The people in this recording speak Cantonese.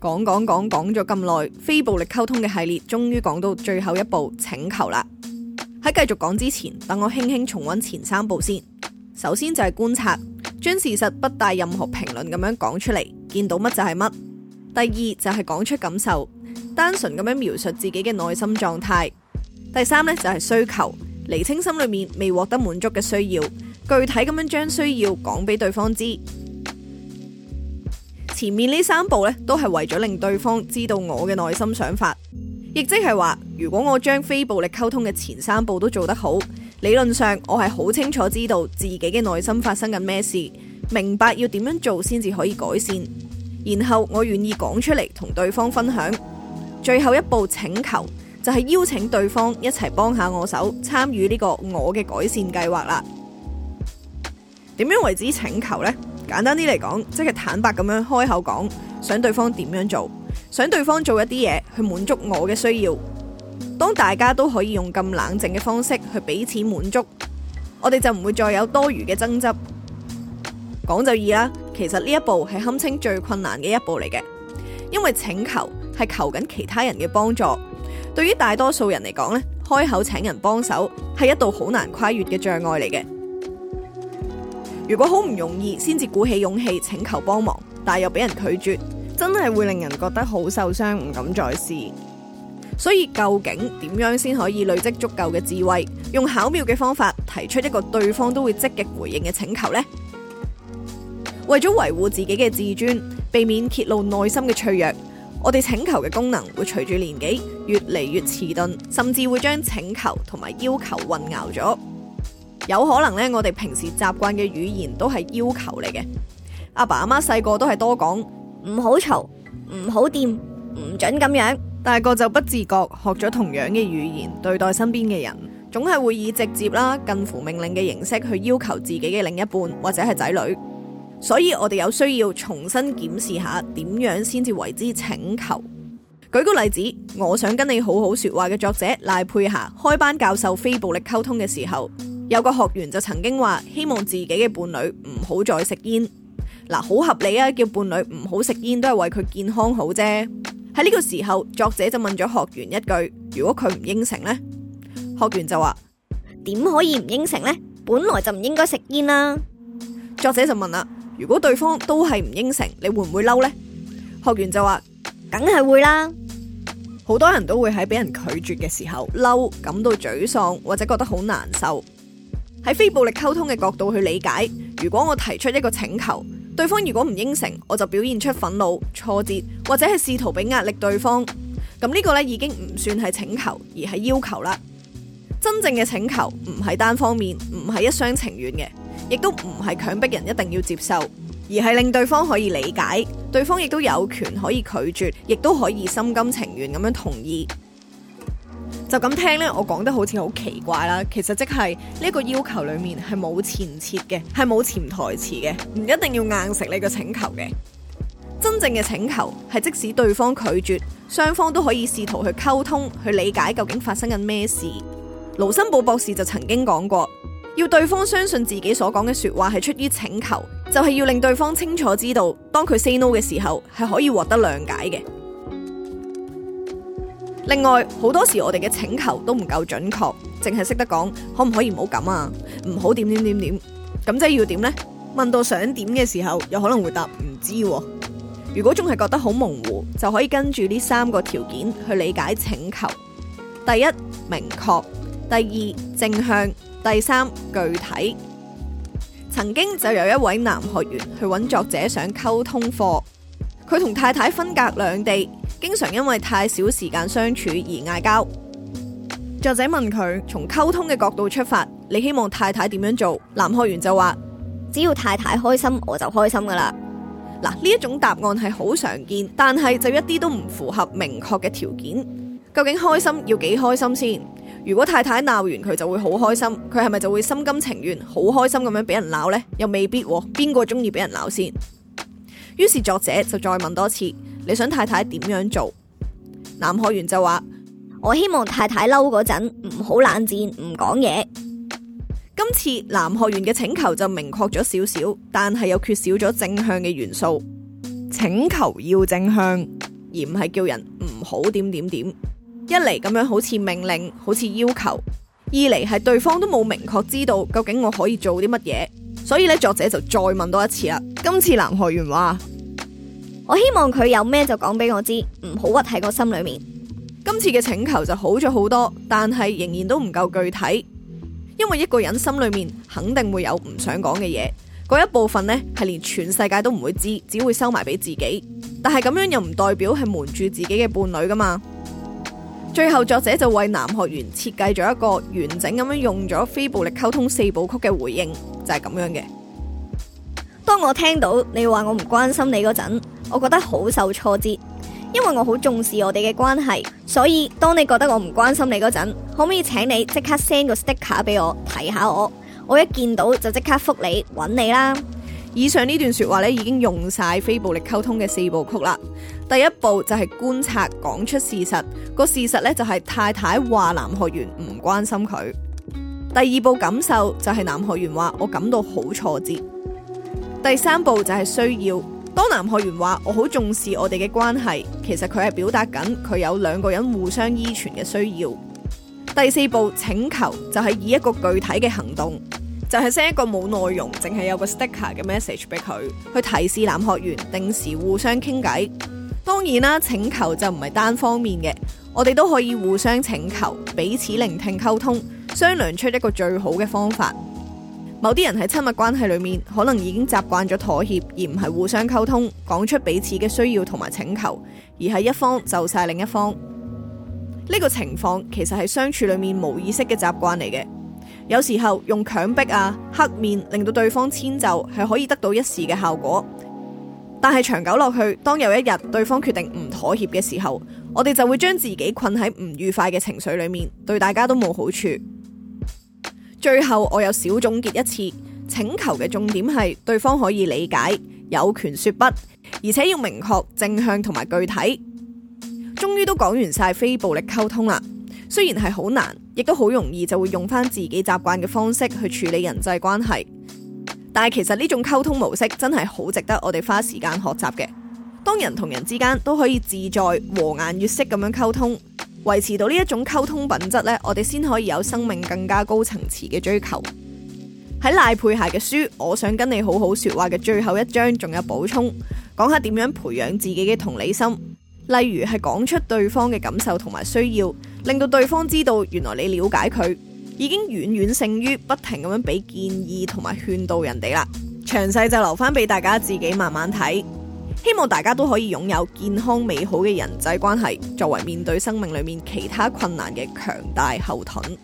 講講講講咗咁耐，非暴力溝通嘅系列，終於講到最後一步請求啦。喺繼續講之前，等我輕輕重溫前三步先。首先就係觀察，將事實不帶任何評論咁樣講出嚟，見到乜就係乜。第二就係講出感受，單純咁樣描述自己嘅內心狀態。第三呢，就係需求，厘清心裏面未獲得滿足嘅需要，具體咁樣將需要講俾對方知。前面呢三步咧，都係為咗令對方知道我嘅內心想法，亦即係話，如果我將非暴力溝通嘅前三步都做得好，理論上我係好清楚知道自己嘅內心發生緊咩事，明白要點樣做先至可以改善，然後我願意講出嚟同對方分享，最後一步請求就係邀請對方一齊幫下我手，參與呢個我嘅改善計劃啦。點樣為之請求呢？簡單啲嚟講，即係坦白咁樣開口講，想對方點樣做，想對方做一啲嘢去滿足我嘅需要。當大家都可以用咁冷靜嘅方式去彼此滿足，我哋就唔會再有多餘嘅爭執。講就易啦，其實呢一步係堪稱最困難嘅一步嚟嘅，因為請求係求緊其他人嘅幫助。對於大多數人嚟講咧，開口請人幫手係一道好難跨越嘅障礙嚟嘅。如果好唔容易先至鼓起勇氣請求幫忙，但又俾人拒絕，真係會令人覺得好受傷，唔敢再試。所以究竟點樣先可以累積足夠嘅智慧，用巧妙嘅方法提出一個對方都會積極回應嘅請求呢？為咗維護自己嘅自尊，避免揭露內心嘅脆弱，我哋請求嘅功能會隨住年紀越嚟越遲鈍，甚至會將請求同埋要求混淆咗。有可能咧，我哋平時習慣嘅語言都係要求嚟嘅。阿爸阿媽細個都係多講唔好嘈，唔好掂，唔准咁樣。大個就不自覺學咗同樣嘅語言，對待身邊嘅人，總係會以直接啦，近乎命令嘅形式去要求自己嘅另一半或者係仔女。所以我哋有需要重新檢視下點樣先至為之請求。舉個例子，我想跟你好好說話嘅作者賴佩霞開班教授非暴力溝通嘅時候。有個學員就曾經話，希望自己嘅伴侶唔好再食煙，嗱，好合理啊，叫伴侶唔好食煙都係為佢健康好啫。喺呢個時候，作者就問咗學員一句：如果佢唔應承呢？」學員就話：點可以唔應承呢？本來就唔應該食煙啦。作者就問啦：如果對方都係唔應承，你會唔會嬲呢？」學員就話：梗係會啦。好多人都會喺俾人拒絕嘅時候嬲，感到沮喪或者覺得好難受。喺非暴力溝通嘅角度去理解，如果我提出一個請求，對方如果唔應承，我就表現出憤怒、挫折或者係試圖俾壓力對方，咁呢個咧已經唔算係請求，而係要求啦。真正嘅請求唔係單方面，唔係一廂情願嘅，亦都唔係強迫人一定要接受，而係令對方可以理解，對方亦都有權可以拒絕，亦都可以心甘情願咁樣同意。就咁聽咧，我講得好似好奇怪啦。其實即係呢個要求裏面係冇前設嘅，係冇潛台詞嘅，唔一定要硬食你個請求嘅。真正嘅請求係即使對方拒絕，雙方都可以試圖去溝通去理解究竟發生緊咩事。盧森堡博士就曾經講過，要對方相信自己所講嘅說話係出於請求，就係、是、要令對方清楚知道，當佢 say no 嘅時候係可以獲得諒解嘅。另外，好多時我哋嘅請求都唔夠準確，淨係識得講可唔可以唔好咁啊，唔好點點點點，咁即係要點呢？問到想點嘅時候，有可能回答唔知啊。如果仲係覺得好模糊，就可以跟住呢三個條件去理解請求：第一，明確；第二，正向；第三，具體。曾經就有一位男學員去揾作者上溝通課，佢同太太分隔兩地。經常因為太少時間相處而嗌交。作者問佢：從溝通嘅角度出發，你希望太太點樣做？南開源就話：只要太太開心，我就開心噶啦。嗱，呢一種答案係好常見，但係就一啲都唔符合明確嘅條件。究竟開心要幾開心先？如果太太鬧完佢就會好開心，佢係咪就會心甘情願好開心咁樣俾人鬧呢？又未必啊，邊個中意俾人鬧先？於是作者就再問多次。你想太太點樣做？男學員就話：我希望太太嬲嗰陣唔好冷戰，唔講嘢。今次男學員嘅請求就明確咗少少，但係又缺少咗正向嘅元素。請求要正向，而唔係叫人唔好點點點。一嚟咁樣好似命令，好似要求；二嚟係對方都冇明確知道究竟我可以做啲乜嘢。所以咧，作者就再問多一次啦。今次男學員話。我希望佢有咩就講俾我知，唔好屈喺個心裏面。今次嘅請求就好咗好多，但係仍然都唔夠具體，因為一個人心裏面肯定會有唔想講嘅嘢，嗰一部分呢係連全世界都唔會知，只會收埋俾自己。但係咁樣又唔代表係瞞住自己嘅伴侶噶嘛。最後作者就為男學員設計咗一個完整咁樣用咗非暴力溝通四部曲嘅回應，就係咁樣嘅。當我聽到你話我唔關心你嗰陣，我覺得好受挫折，因為我好重視我哋嘅關係，所以當你覺得我唔關心你嗰陣，可唔可以請你即刻 send 個 sticker 俾我睇下我？我一見到就即刻覆你，揾你啦。以上呢段說話咧已經用晒非暴力溝通嘅四部曲啦。第一步就係觀察，講出事實，個事實咧就係太太話男學員唔關心佢。第二步感受就係男學員話我感到好挫折。第三步就係需要。當男學員話我好重視我哋嘅關係，其實佢係表達緊佢有兩個人互相依存嘅需要。第四步請求就係、是、以一個具體嘅行動，就係、是、send 一個冇內容淨係有個 sticker 嘅 message 俾佢，去提示男學員定時互相傾偈。當然啦，請求就唔係單方面嘅，我哋都可以互相請求，彼此聆聽溝通，商量出一個最好嘅方法。某啲人喺親密關係裏面，可能已經習慣咗妥協，而唔係互相溝通，講出彼此嘅需要同埋請求，而係一方就晒另一方。呢個情況其實係相處裏面無意識嘅習慣嚟嘅。有時候用強迫啊、黑面令到對方遷就，係可以得到一時嘅效果，但係長久落去，當有一日對方決定唔妥協嘅時候，我哋就會將自己困喺唔愉快嘅情緒裏面，對大家都冇好處。最後我有小總結一次，請求嘅重點係對方可以理解，有權說不，而且要明確正向同埋具體。終於都講完晒非暴力溝通啦，雖然係好難，亦都好容易就會用返自己習慣嘅方式去處理人際關係。但係其實呢種溝通模式真係好值得我哋花時間學習嘅。當人同人之間都可以自在和顏悅色咁樣溝通，維持到呢一種溝通品質咧，我哋先可以有生命更加高層次嘅追求。喺賴佩霞嘅書《我想跟你好好說話》嘅最後一章，仲有補充，講下點樣培養自己嘅同理心，例如係講出對方嘅感受同埋需要，令到對方知道原來你了解佢，已經遠遠勝於不停咁樣俾建議同埋勸導人哋啦。詳細就留翻俾大家自己慢慢睇。希望大家都可以擁有健康美好嘅人際關係，作為面對生命裏面其他困難嘅強大後盾。